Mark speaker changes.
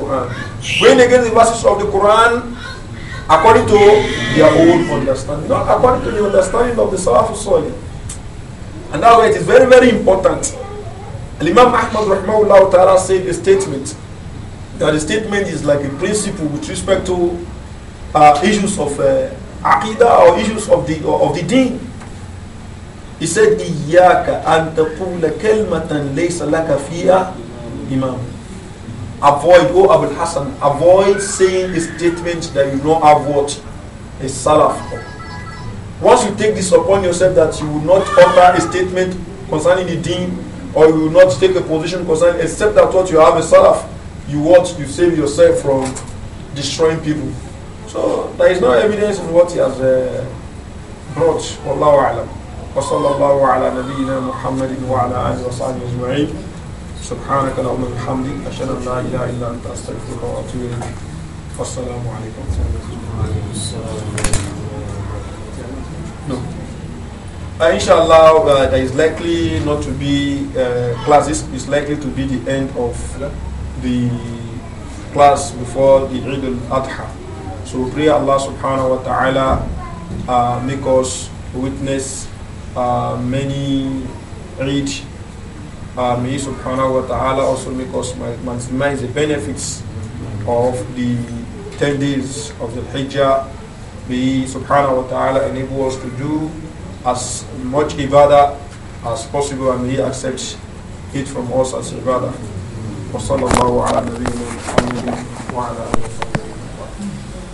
Speaker 1: Quran. Going against the verses of the Quran according to their own understanding, not according to the understanding of the Salaf Salih. And now it is very, very important. Imam Ahmad Rahmahullah Ta'ala said a statement that the statement is like a principle with respect to uh, issues of uh, aqidah or issues of the of the deen. He said, "Iyaka an taqula kalmatan laysa laka imam." Avoid, O oh, Abu Hassan, avoid saying a statement that you know have what? A salaf. Once you take this upon yourself that you will not utter a statement concerning the deen or you will not take a position concerning except that what you have a salaf, you what you save yourself from destroying people. So there is no evidence in what he has uh, brought. Wallahu alam. وصلى الله على نبينا محمد وعلى اله وصحبه اجمعين سبحانك اللهم وبحمدك أشهد أن لا إله إلا أنت أستغفرك وأتوب إليك والسلام عليكم ورحمة الله No. Uh, inshallah, uh, there is likely not to be uh, classes. It's likely to be the end of the class before the Eid al-Adha. So we pray Allah subhanahu wa ta'ala uh, make us witness uh, many Eid uh, may subhanahu wa ta'ala also make us maximize the benefits of the 10 days of the Hijjah. May subhanahu wa ta'ala enable us to do as much ibadah as possible and may accept it from us as ibadah. وصلى الله على